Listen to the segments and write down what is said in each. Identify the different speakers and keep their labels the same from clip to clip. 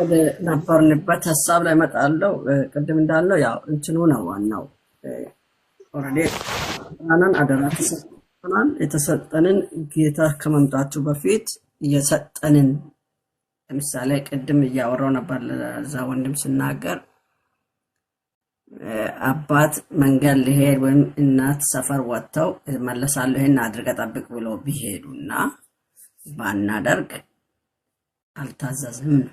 Speaker 1: ወደ ነበርንበት ሀሳብ ላይ መጣለው። ቅድም እንዳለው ያው እንትኑ ነው ዋናው ኦረዴናን አደራ ተሰጥተናል። የተሰጠንን ጌታ ከመምጣቱ በፊት የሰጠንን ለምሳሌ ቅድም እያወራው ነበር ለዛ ወንድም ስናገር አባት መንገድ ሊሄድ ወይም እናት ሰፈር ወጥተው መለሳለሁ ይህን አድርገ ጠብቅ ብሎ ቢሄዱና ባናደርግ አልታዘዝም ነው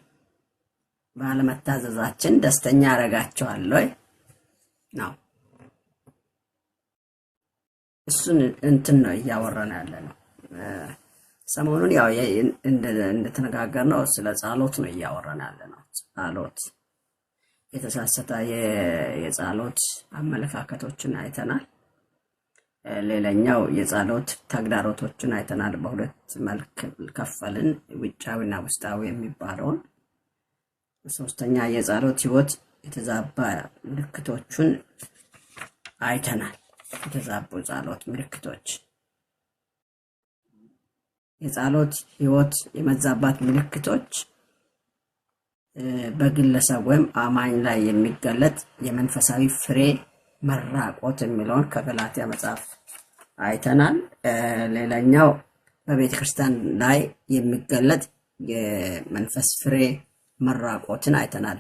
Speaker 1: ባለመታዘዛችን ደስተኛ አረጋቸዋለሁ ነው። እሱን እንትን ነው እያወራን ያለ ነው። ሰሞኑን ያው እንደተነጋገር ነው ስለ ጸሎት ነው እያወራን ያለ ነው። ጸሎት የተሳሰተ የጸሎት አመለካከቶችን አይተናል። ሌላኛው የጸሎት ተግዳሮቶችን አይተናል። በሁለት መልክ ከፈልን፣ ውጫዊና ውስጣዊ የሚባለውን ሶስተኛ የጸሎት ህይወት የተዛባ ምልክቶቹን አይተናል። የተዛቡ ጸሎት ምልክቶች የጸሎት ህይወት የመዛባት ምልክቶች በግለሰብ ወይም አማኝ ላይ የሚገለጥ የመንፈሳዊ ፍሬ መራቆት የሚለውን ከገላትያ መጽሐፍ አይተናል። ሌላኛው በቤተ ክርስቲያን ላይ የሚገለጥ የመንፈስ ፍሬ መራቆትን አይተናል።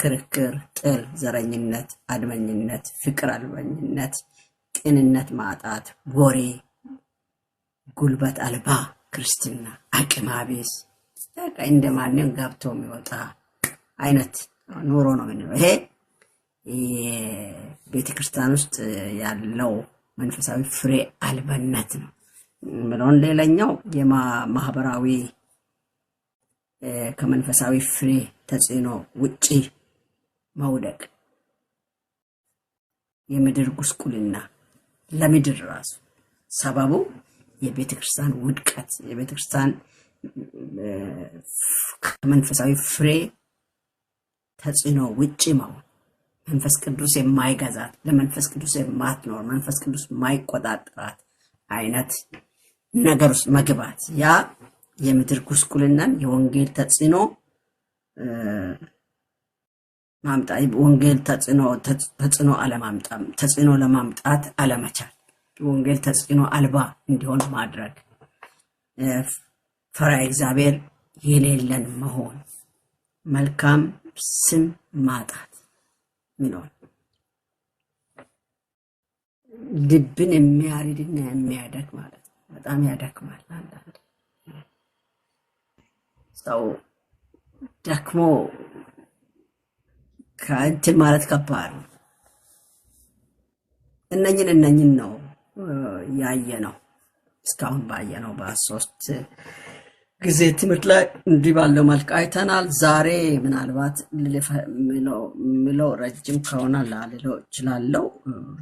Speaker 1: ክርክር፣ ጥል፣ ዘረኝነት፣ አድመኝነት፣ ፍቅር አልበኝነት፣ ቅንነት ማጣት፣ ወሬ፣ ጉልበት አልባ ክርስትና፣ አቅም በቃ እንደ ማንም ገብቶ የሚወጣ አይነት ኑሮ ነው ምንለው። ይሄ ቤተክርስቲያን ውስጥ ያለው መንፈሳዊ ፍሬ አልበነት ነው ምለውን ሌላኛው የማህበራዊ ከመንፈሳዊ ፍሬ ተጽዕኖ ውጪ መውደቅ የምድር ጉስቁልና ለምድር ራሱ ሰበቡ የቤተ ክርስቲያን ውድቀት የቤተ ክርስቲያን ከመንፈሳዊ ፍሬ ተጽዕኖ ውጪ መሆን መንፈስ ቅዱስ የማይገዛት ለመንፈስ ቅዱስ የማትኖር መንፈስ ቅዱስ የማይቆጣጠራት አይነት ነገር ውስጥ መግባት ያ የምድር ጉስቁልናን የወንጌል ተጽዕኖ ማምጣ ወንጌል ተጽዕኖ አለማምጣም ተጽዕኖ ለማምጣት አለመቻል ወንጌል ተጽዕኖ አልባ እንዲሆን ማድረግ ፈሪሃ እግዚአብሔር የሌለን መሆን መልካም ስም ማጣት ይለዋል። ልብን የሚያርድና የሚያደግ ማለት ነው። በጣም ያደክማል አንዳንድ ሰው ደክሞ ከእንትን ማለት ከባድ ነው። እነኝን እነኝን ነው ያየ ነው እስካሁን ባየ ነው። በሶስት ጊዜ ትምህርት ላይ እንዲህ ባለው መልክ አይተናል። ዛሬ ምናልባት ምለው ረጅም ከሆነ ላልለው እችላለሁ።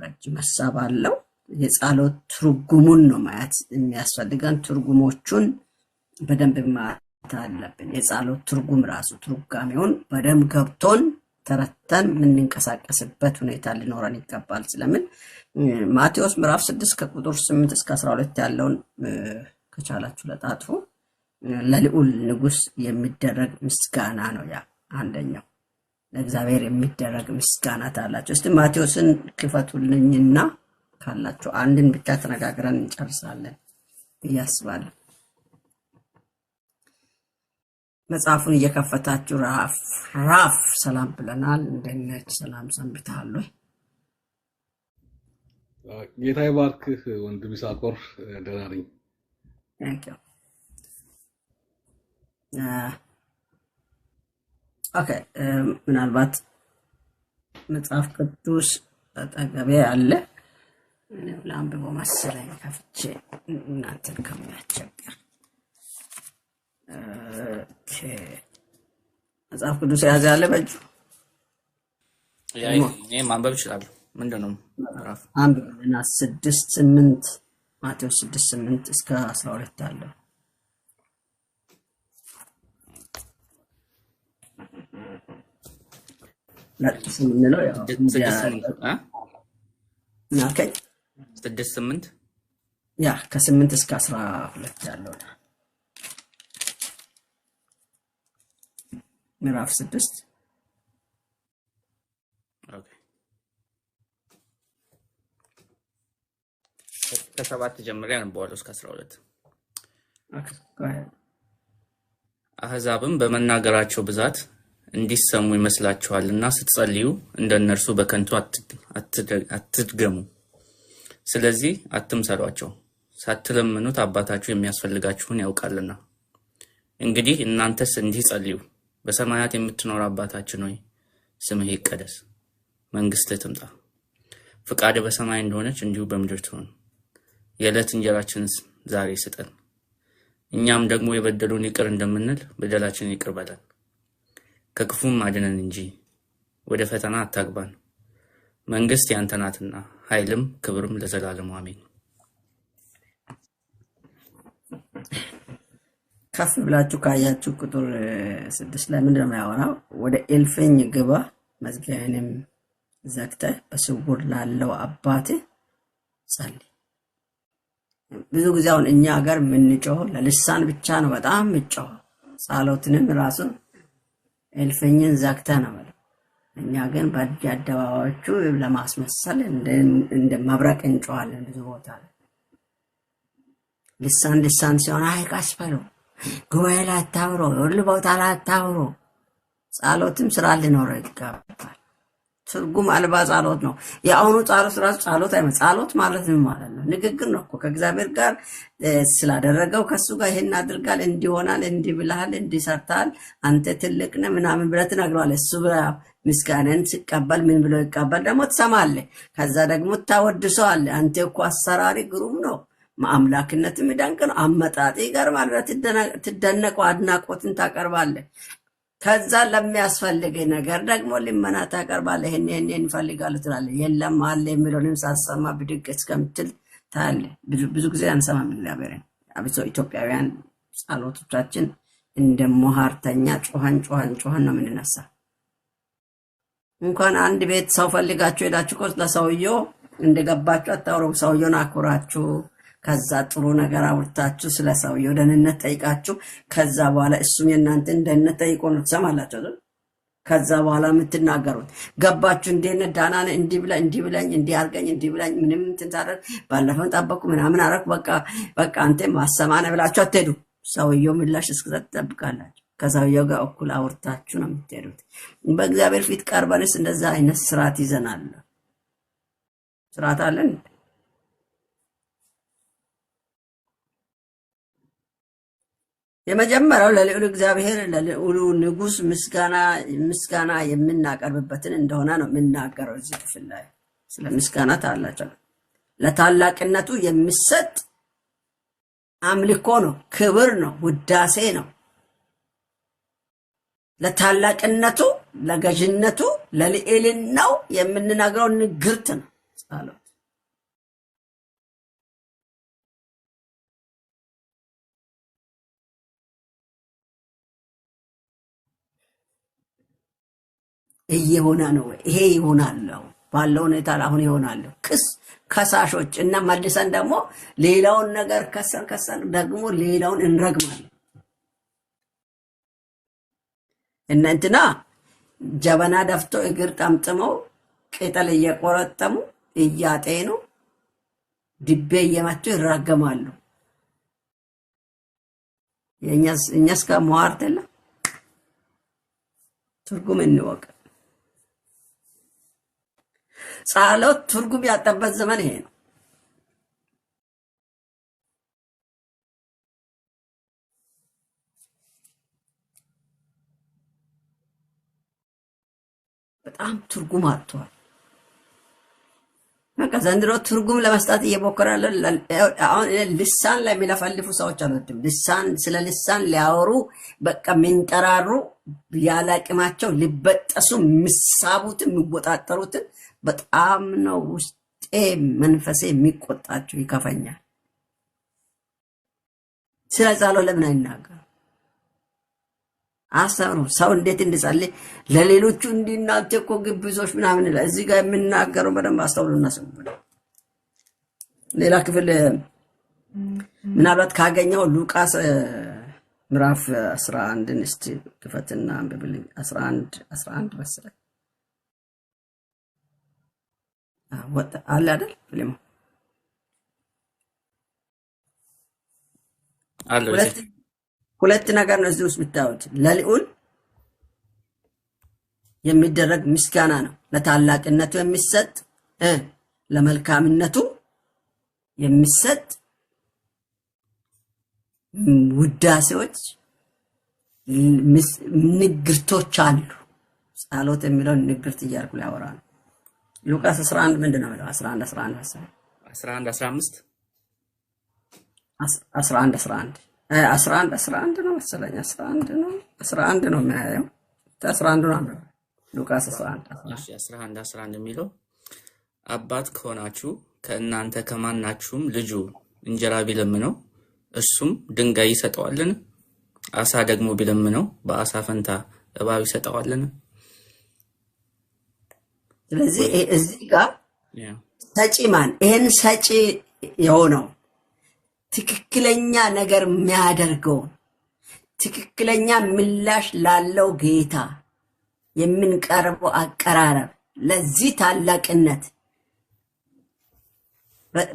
Speaker 1: ረጅም ሀሳብ አለው። የጸሎት ትርጉሙን ነው ማየት የሚያስፈልገን ትርጉሞቹን በደንብ ማ አለብን። የጸሎት ትርጉም ራሱ ትርጓሜውን በደንብ ገብቶን ተረተን የምንንቀሳቀስበት ሁኔታ ሊኖረን ይገባል። ስለምን ማቴዎስ ምዕራፍ ስድስት ከቁጥር ስምንት እስከ አስራ ሁለት ያለውን ከቻላችሁ ለጣጥፉ። ለልዑል ንጉሥ የሚደረግ ምስጋና ነው። ያ አንደኛው ለእግዚአብሔር የሚደረግ ምስጋና ታላቸው። እስቲ ማቴዎስን ክፈቱልኝና ካላችሁ አንድን ብቻ ተነጋግረን እንጨርሳለን ብዬ አስባለሁ። መጽሐፉን እየከፈታችሁ ራፍ ራፍ ሰላም ብለናል። እንደነች ሰላም ሰንብተሃል ወይ?
Speaker 2: ጌታ ይባርክህ ወንድም ይሳቆር። ደህና ነኝ።
Speaker 1: ኦኬ ምናልባት መጽሐፍ ቅዱስ አጠገቤ አለ ለአንብቦ መሰለኝ ከፍቼ እናንተን ከሚያስቸግር መጽሐፍ ቅዱስ የያዘ ያለ በእጁ
Speaker 2: ማንበብ ይችላሉ። ምንድን ነው
Speaker 1: አንድ ና ስድስት ስምንት ማቴዎስ ስድስት ስምንት እስከ አስራ ሁለት ያለው ለጥፍ የምንለው ስድስት ስምንት ያ ከስምንት እስከ አስራ ሁለት ያለው ምዕራፍ ስድስት
Speaker 2: ከሰባት ጀምሬ አንብዋለሁ እስከ አስራ ሁለት አህዛብም በመናገራቸው ብዛት እንዲሰሙ ይመስላችኋልና ስትጸልዩ እንደ እነርሱ በከንቱ አትድገሙ። ስለዚህ አትምሰሏቸው፣ ሳትለምኑት አባታችሁ የሚያስፈልጋችሁን ያውቃልና። እንግዲህ እናንተስ እንዲህ ጸልዩ በሰማያት የምትኖር አባታችን ሆይ ስምህ ይቀደስ፣ መንግስት ትምጣ፣ ፍቃድ በሰማይ እንደሆነች እንዲሁ በምድር ትሆን። የዕለት እንጀራችን ዛሬ ስጠን፣ እኛም ደግሞ የበደሉን ይቅር እንደምንል በደላችን ይቅር በለን፣ ከክፉም አድነን እንጂ ወደ ፈተና አታግባን። መንግስት ያንተ ናትና ኃይልም ክብርም ለዘላለሙ አሜን።
Speaker 1: ከፍ ብላችሁ ካያችሁ ቁጥር ስድስት ላይ ምንድነው የሚያወራው? ወደ ኤልፈኝ ግባ መዝጊያህንም ዘግተ በስውር ላለው አባት ጸልይ። ብዙ ጊዜ አሁን እኛ ሀገር የምንጮኸው ለልሳን ብቻ ነው። በጣም ምጮኸው ጸሎትንም ራሱን ኤልፈኝን ዘግተ ነው በለው። እኛ ግን በየአደባባዮቹ ለማስመሰል እንደ መብረቅ እንጮዋለን ብዙ ቦታ ልሳን ልሳን ሲሆን አይ ቀስ በለው ጉባኤ ላይ አታውሩ፣ ሁሉ ቦታ ላይ አታውሩ። ጸሎትም ስራ ሊኖረው ይገባል። ትርጉም አልባ ጸሎት ነው። የአሁኑ ጸሎት ራሱ ጸሎት አይመ ጸሎት ማለት ምን ማለት ነው? ንግግር ነው እኮ ከእግዚአብሔር ጋር ስላደረገው ከሱ ጋር ይሄን አድርጋል፣ እንዲሆናል፣ እንዲብልሃል፣ እንዲሰርታል፣ አንተ ትልቅ ነህ ምናምን ብለህ ትነግረዋለህ። እሱ ምስጋናን ሲቀበል ምን ብሎ ይቀበል ደግሞ ትሰማለህ። ከዛ ደግሞ ታወድሰዋለህ። አንተ እኮ አሰራሪ ግሩም ነው አምላክነት የሚደንቅ ነው። አመጣጤ ይገርማል። ትደነቀው አድናቆትን ታቀርባለህ። ከዛ ለሚያስፈልግ ነገር ደግሞ ልመና ታቀርባለ። ይሄን ይሄን ይፈልጋሉ ትላለህ። የለም አለ የሚለውንም ሳሰማ ብድግ እስከምትል ታያለህ። ብዙ ጊዜ አንሰማም። እግዚአብሔርን አብሶ ኢትዮጵያውያን ጸሎቶቻችን እንደ ሞሃርተኛ ጮኸን ጮኸን ጮኸን ነው የምንነሳ። እንኳን አንድ ቤት ሰው ፈልጋችሁ ሄዳችሁ እኮ ለሰውየው እንደገባችሁ አታውሩም። ሰውየውን አኩራችሁ ከዛ ጥሩ ነገር አውርታችሁ ስለ ሰውየው ደህንነት ጠይቃችሁ ከዛ በኋላ እሱም የእናንተን ደህንነት ጠይቆ ነው ትሰማላችሁ። ከዛ በኋላ የምትናገሩት ገባችሁ። እንዴነ ዳናን እንዲህ ብላ እንዲህ ብላኝ እንዲህ አርገኝ እንዲህ ብለኝ ምንም ትንታረግ ባለፈውን ጠበቁ ምናምን አረግ በቃ በቃ አንተ ማሰማነ ብላችሁ አትሄዱ። ሰውየው ምላሽ እስክሰጥ ትጠብቃላችሁ። ከሰውየው ጋር እኩል አውርታችሁ ነው የምትሄዱት። በእግዚአብሔር ፊት ቀርበንስ እንደዛ አይነት ስርዓት ይዘናል። ስርዓት አለን። የመጀመሪያው ለልዑል እግዚአብሔር ለልዑሉ ንጉስ ምስጋና የምናቀርብበትን እንደሆነ ነው የምናገረው። እዚህ ክፍል ላይ ስለ ምስጋና ታላቸው ለታላቅነቱ የሚሰጥ አምልኮ ነው፣ ክብር ነው፣ ውዳሴ ነው። ለታላቅነቱ፣ ለገዥነቱ፣ ለልዕልናው የምንናገረው ንግርት ነው። እየሆነ ነው። ይሄ ይሆናለሁ ባለው ሁኔታ አሁን ይሆናለሁ ክስ ከሳሾች እና መልሰን ደግሞ ሌላውን ነገር ከሰን ከሰን ደግሞ ሌላውን እንረግማለን እና ጀበና ደፍቶ እግር ጠምጥመው ቅጠል እየቆረጠሙ እያጤኑ ድቤ እየመቱ ይራገማሉ። እኛስ ከመዋርት የለም ትርጉም እንወቅ። ጸሎት ትርጉም ያጣበት ዘመን ይሄ ነው። በጣም ትርጉም አጥቷል። በቃ ዘንድሮ ትርጉም ለመስጣት እየሞከራለ። አሁን ልሳን ላይ የሚለፈልፉ ሰዎች አልወድም። ልሳን ስለ ልሳን ሊያወሩ በቃ የሚንጠራሩ ያለ አቅማቸው ሊበጠሱ የሚሳቡትን የሚወጣጠሩትን በጣም ነው ውስጤ መንፈሴ የሚቆጣችሁ፣ ይከፈኛል። ስለ ጸሎት ለምን አይናገር? አሳብ ነው ሰው እንዴት እንድጸልይ ለሌሎቹ እንዲናንተ እኮ ግብዞች ምናምን ይላል። እዚህ ጋር የምናገረው በደንብ አስተውሉ እናስቡ። ሌላ ክፍል ምናልባት ካገኘው ሉቃስ ምዕራፍ 11 እስቲ ክፈትና አንብብልኝ። 11 11 መሰለኝ አለ አይደል? ፊልሙ
Speaker 2: ሁለት ነገር ነው እዚህ ውስጥ የምታዩት ለልዑል
Speaker 1: የሚደረግ ምስጋና ነው። ለታላቅነቱ የሚሰጥ ለመልካምነቱ የሚሰጥ ውዳሴዎች ንግርቶች አሉ። ጸሎት የሚለውን ንግርት እያልኩ ላያወራ ነው። ሉቃስ 11 ምንድን ነው? 11 11 11 15 11 11 11 11 ነው መሰለኝ 11 ነው 11 ነው የምናየው 11
Speaker 2: ነው አንብበው ሉቃስ 11 እሺ 11 11 የሚለው አባት ከሆናችሁ ከእናንተ ከማናችሁም ልጁ እንጀራ ቢለምነው እርሱም ድንጋይ ይሰጠዋልን? አሳ ደግሞ ቢለምነው በአሳ ፈንታ እባብ ይሰጠዋልን?
Speaker 1: ስለዚህ እዚህ ጋር ሰጪ ማን ይህን ሰጪ የሆነው ትክክለኛ ነገር የሚያደርገው ትክክለኛ ምላሽ ላለው ጌታ የምንቀርበው አቀራረብ ለዚህ ታላቅነት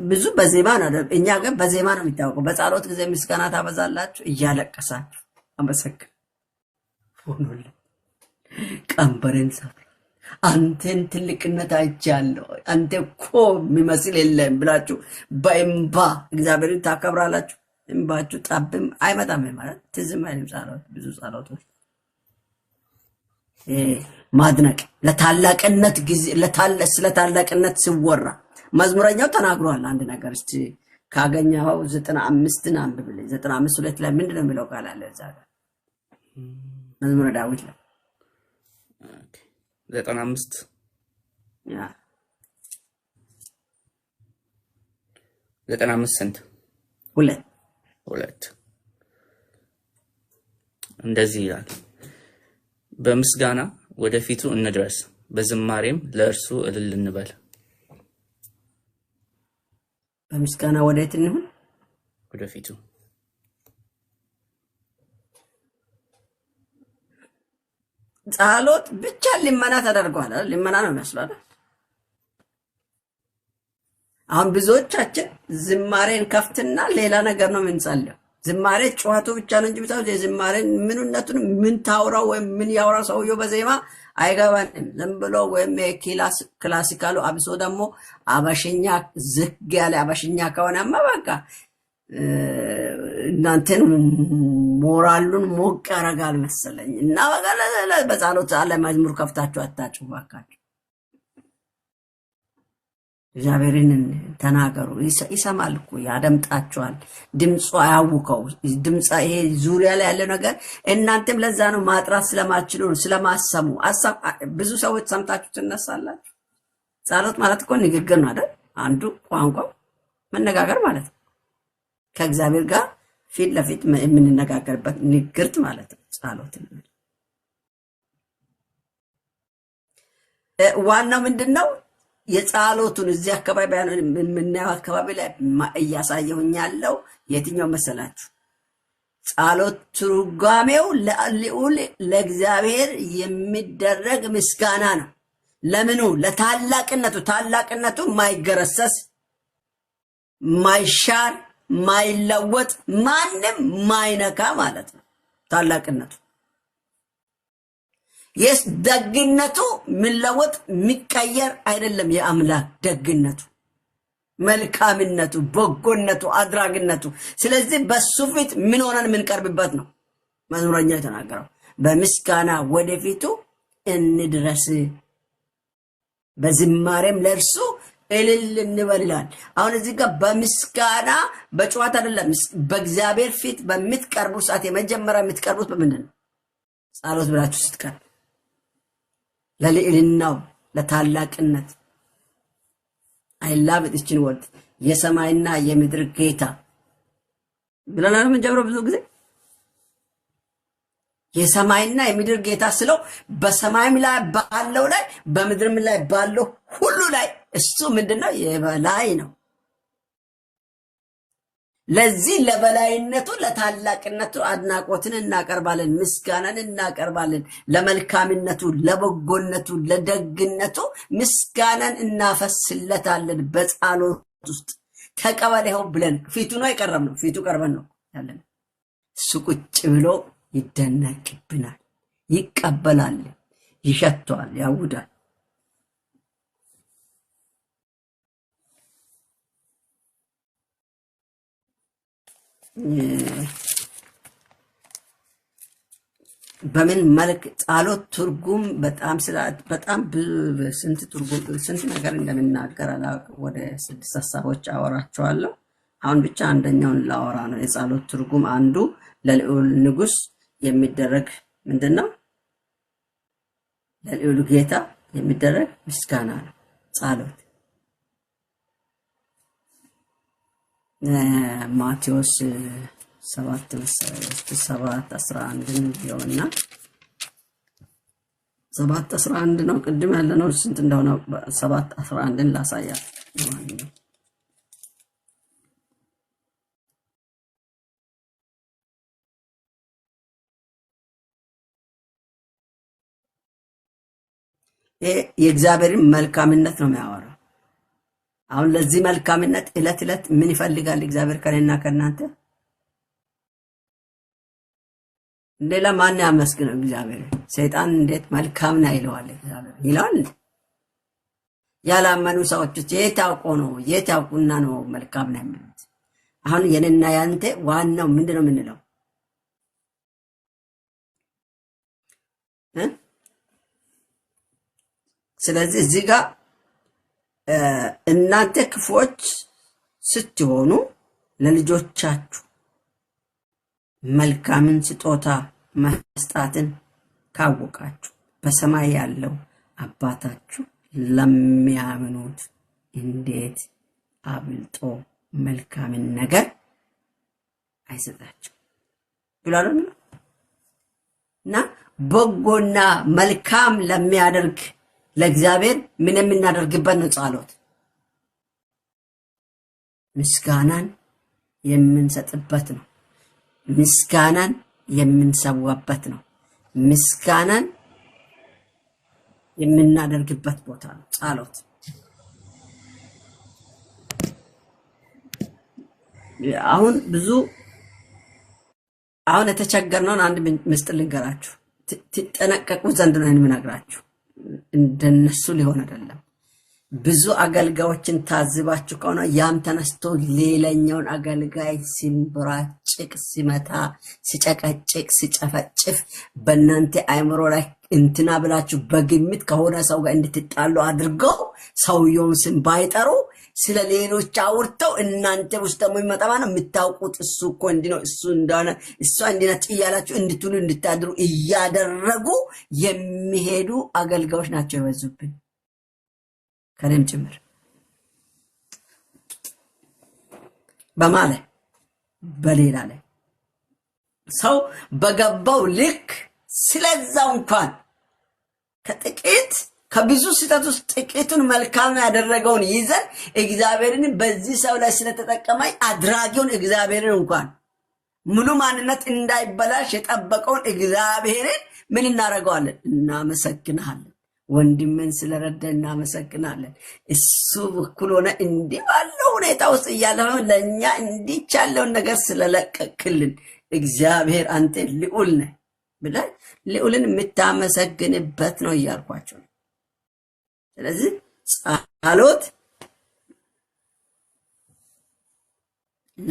Speaker 1: ብዙ በዜማ ነው። እኛ ግን በዜማ ነው የሚታወቀው። በጸሎት ጊዜ ምስጋና ታበዛላችሁ፣ እያለቀሳችሁ አመሰግን ሆኖልን ቀንበሬን ሰፍ አንተን ትልቅነት አይቻለሁ፣ አንተ እኮ የሚመስል የለም ብላችሁ በእምባ እግዚአብሔርን ታከብራላችሁ። እምባችሁ ጣብም አይመጣም ማለት ትዝም አይልም። ጸሎት ብዙ ጸሎቶች ማድነቅ ለታላቅነት ጊዜ ስለ ታላቅነት ሲወራ መዝሙረኛው ተናግሯል። አንድ ነገር እስቲ ካገኘኸው ዘጠና አምስትን ብ ዘጠና አምስት ሁለት ላይ ምንድን ነው የሚለው ቃል አለ እዛ ጋር መዝሙረ ዳዊት ላይ
Speaker 2: ዘጠና አምስት ዘጠና አምስት ስንት?
Speaker 1: ሁለት ሁለት
Speaker 2: እንደዚህ ይላል። በምስጋና ወደፊቱ እንድረስ፣ በዝማሬም ለእርሱ እልል እንበል።
Speaker 1: በምስጋና ወደት እንሁን ወደፊቱ ጸሎት ብቻ ልመና ተደርጓል። ልመና ነው የሚያስሏል። አሁን ብዙዎቻችን ዝማሬን ከፍትና ሌላ ነገር ነው የምንጸልየው። ዝማሬ ጨዋቱ ብቻ ነው እንጂ ብቻ የዝማሬን ምንነቱን ምን ታውራው ወይም ምን ያውራ ሰውየው በዜማ አይገባንም። ዝም ብሎ ወይም ክላሲካሉ አብሶ ደግሞ አበሽኛ ዝግ ያለ አበሽኛ ከሆነማ በቃ እናንተን ሞራሉን ሞቅ ያደርጋል መሰለኝ እና በጸሎት አለ መዝሙር ከፍታችሁ አታጭው እባካችሁ። እግዚአብሔርን ተናገሩ። ይሰማል እኮ ያደምጣችኋል። ድምፁ አያውቀው ድምፅ ይሄ ዙሪያ ላይ ያለው ነገር እናንተም ለዛ ነው ማጥራት ስለማችሉ ስለማሰሙ ብዙ ሰዎች ሰምታችሁ ትነሳላችሁ። ጸሎት ማለት እኮ ንግግር ነው አይደል? አንዱ ቋንቋ መነጋገር ማለት ነው። ከእግዚአብሔር ጋር ፊት ለፊት የምንነጋገርበት ንግርት ማለት ነው። ጸሎት ዋናው ምንድን ነው? የጸሎቱን እዚህ አካባቢ የምናየው አካባቢ ላይ እያሳየሁኝ ያለው የትኛው መሰላችሁ? ጸሎት ትርጓሜው ልዑል ለእግዚአብሔር የሚደረግ ምስጋና ነው። ለምኑ? ለታላቅነቱ ታላቅነቱ ማይገረሰስ ማይሻር ማይለወጥ ማንም ማይነካ ማለት ነው ታላቅነቱ። የስ ደግነቱ የሚለወጥ የሚቀየር አይደለም። የአምላክ ደግነቱ፣ መልካምነቱ፣ በጎነቱ፣ አድራጊነቱ። ስለዚህ በሱ ፊት ምን ሆነን የምንቀርብበት ነው መዝሙረኛው የተናገረው። በምስጋና ወደፊቱ እንድረስ፣ በዝማሬም ለእርሱ እልል እንበል አሁን እዚህ ጋር በምስጋና በጨዋታ አይደለም፣ በእግዚአብሔር ፊት በምትቀርቡ ሰዓት የመጀመሪያ የምትቀርቡት በምንድን ነው? ጸሎት ብላችሁ ስትቀር ለልዕልናው ለታላቅነት አይላብጥ ይችን ወልድ የሰማይና የምድር ጌታ ብለናል። ምን ብዙ ጊዜ የሰማይና የምድር ጌታ ስለው በሰማይም ላይ ባለው ላይ በምድርም ላይ ባለው ሁሉ ላይ እሱ ምንድነው? የበላይ ነው። ለዚህ ለበላይነቱ ለታላቅነቱ አድናቆትን እናቀርባለን፣ ምስጋናን እናቀርባለን። ለመልካምነቱ፣ ለበጎነቱ፣ ለደግነቱ ምስጋናን እናፈስለታለን። በጸሎት ውስጥ ተቀበለው ብለን ፊቱ ነው ነው ፊቱ ቀርበን ነው ያለን። እሱ ቁጭ ብሎ ይደነቅብናል፣ ይቀበላል፣ ይሸቷል፣ ያውዳል። በምን መልክ ጸሎት ትርጉም በጣም በጣም ስንት ትርጉም ስንት ነገር እንደምናገር አላውቅም። ወደ ስድስት ሀሳቦች አወራቸዋለሁ። አሁን ብቻ አንደኛውን ላወራ ነው። የጸሎት ትርጉም አንዱ ለልዑል ንጉሥ የሚደረግ ምንድን ነው? ለልዑል ጌታ የሚደረግ ምስጋና ነው ጸሎት ማቴዎስ ሰባት ሰባት አስራ አንድን ቢሆንና ሰባት አስራ አንድ ነው። ቅድም ያለነው ስንት እንደሆነ ሰባት አስራ አንድን ላሳያል። የእግዚአብሔርን መልካምነት ነው የሚያወራው። አሁን ለዚህ መልካምነት እለት እለት ምን ይፈልጋል እግዚአብሔር ከኔና ከእናንተ? ሌላ ማን ያመስግነው? እግዚአብሔር ሰይጣን እንዴት መልካም ነው ይለዋል? እግዚአብሔር ይለዋል። ያላመኑ ሰዎች የት ያውቁ ነው የት ያውቁና ነው መልካም ነው የሚሉት? አሁን የኔና ያንተ ዋናው ምንድን ነው የምንለው? ስለዚህ እዚህ ጋር እናንተ ክፎች ስትሆኑ ለልጆቻችሁ መልካምን ስጦታ መስጣትን ካወቃችሁ በሰማይ ያለው አባታችሁ ለሚያምኑት እንዴት አብልጦ መልካምን ነገር አይሰጣቸው ብሏል እና በጎና መልካም ለሚያደርግ ለእግዚአብሔር ምን የምናደርግበት ነው ጸሎት? ምስጋናን የምንሰጥበት ነው። ምስጋናን የምንሰዋበት ነው። ምስጋናን የምናደርግበት ቦታ ነው ጸሎት። አሁን ብዙ አሁን የተቸገርነውን አንድ ምስጢር ልንገራችሁ፣ ትጠነቀቁ ዘንድ ነው የምነግራችሁ። እንደነሱ ሊሆን አይደለም። ብዙ አገልጋዮችን ታዝባችሁ ከሆነ ያም ተነስቶ ሌላኛውን አገልጋይ ሲንቦራጭቅ፣ ሲመታ፣ ሲጨቀጭቅ፣ ሲጨፈጭፍ በእናንተ አይምሮ ላይ እንትና ብላችሁ በግምት ከሆነ ሰው ጋር እንድትጣሉ አድርገው ሰውየውን ስም ባይጠሩ ስለ ሌሎች አውርተው እናንተ ውስጥ ደግሞ የሚመጣ ነው የምታውቁት። እሱ እኮ እንዲህ ነው፣ እሱ እንደሆነ፣ እሷ እንዲህ ነች እያላችሁ እንድትሉ እንድታድሩ እያደረጉ የሚሄዱ አገልጋዮች ናቸው የበዙብን ከእኔም ጭምር በማ ላይ በሌላ ላይ ሰው በገባው ልክ ስለዛው እንኳን ከጥቂት ከብዙ ስህተት ውስጥ ጥቂቱን መልካም ያደረገውን ይዘን እግዚአብሔርን በዚህ ሰው ላይ ስለተጠቀመኝ አድራጊውን እግዚአብሔርን እንኳን ሙሉ ማንነት እንዳይበላሽ የጠበቀውን እግዚአብሔርን ምን እናደርገዋለን? እናመሰግናለን። ወንድምን ስለረዳ እናመሰግናለን። እሱ እኩል ሆነ እንዲህ ባለው ሁኔታ ውስጥ እያለ ለእኛ እንዲች ያለውን ነገር ስለለቀቅልን እግዚአብሔር አንተ ልዑል ነህ ብለህ ልዑልን የምታመሰግንበት ነው እያልኳቸው ስለዚህ ጸሎት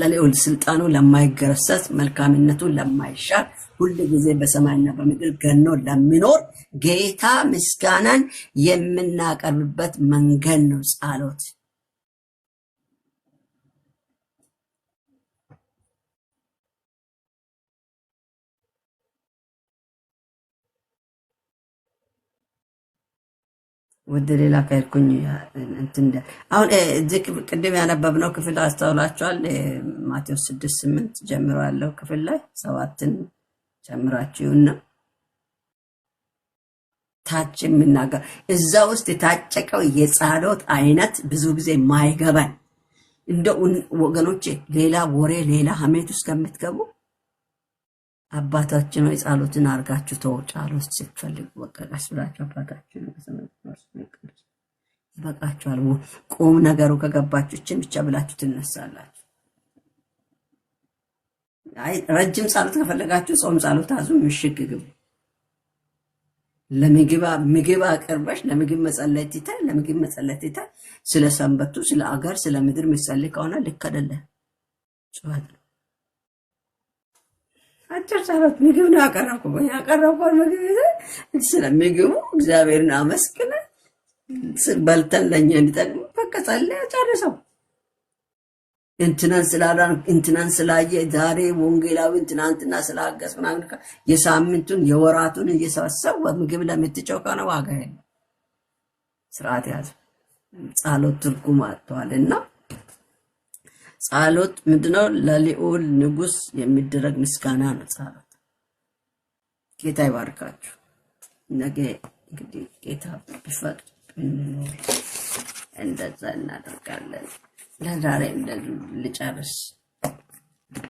Speaker 1: ለልዑል ስልጣኑ ለማይገረሰስ መልካምነቱ ለማይሻር ሁል ጊዜ በሰማይና በምድር ገኖ ለሚኖር ጌታ ምስጋናን የምናቀርብበት መንገድ ነው ጸሎት። ወደ ሌላ ከሄድኩኝ አሁን እዚህ ቅድም ያነበብነው ክፍል አስተውላችኋል። ማቴዎስ ስድስት ስምንት ጀምሮ ያለው ክፍል ላይ ሰባትን ጨምራችሁና ታች የምናገር እዛ ውስጥ የታጨቀው የጸሎት አይነት ብዙ ጊዜ ማይገባን እንደ ወገኖቼ ሌላ ወሬ ሌላ ሀሜት ውስጥ ከምትገቡ አባታችን ወይ ጸሎትን አርጋችሁ ተው። ጸሎት ስትፈልጉ በቃ ቀስ ብላችሁ አባታችን ይበቃችኋል። ቁም ነገሩ ከገባችሁ ይችን ብቻ ብላችሁ ትነሳላችሁ። አይ ረጅም ጸሎት ከፈለጋችሁ ጾም ጸሎት አዙ ምሽግ ግቡ። ለምግብ ምግብ አቅርበሽ ለምግብ መጸለይ ትተሽ ለምግብ መጸለይ ትተሽ ስለ ሰንበቱ ስለ አገር ስለ ምድር የሚጸልይ ከሆነ ልክ አይደለም። አጭር ምግብ ነው ያቀረብኩ። ያቀረብኩ ምግብ ስለ ምግቡ እግዚአብሔርን አመስግነ በልተን ለእኛ እንዲጠቅሙ በቃ ጸለየ፣ ጨርሰው እንትናን ስላዳን እንትናን ስላየ ዛሬ ወንጌላዊ ትናንትና ስላገዝ ምናምን የሳምንቱን የወራቱን እየሰበሰቡ በምግብ ለምትጨው ከሆነ ዋጋ የለም። ስርዓት ያዘ። ጸሎት ትርጉም አጥተዋል እና ጸሎት ምንድነው? ለልዑል ንጉስ የሚደረግ ምስጋና ነው ጸሎት። ጌታ ይባርካችሁ። ነገ እንግዲህ ጌታ ቢፈቅድ እንደዛ እናደርጋለን። ለዛሬ እንደዚሁ ልጨርስ።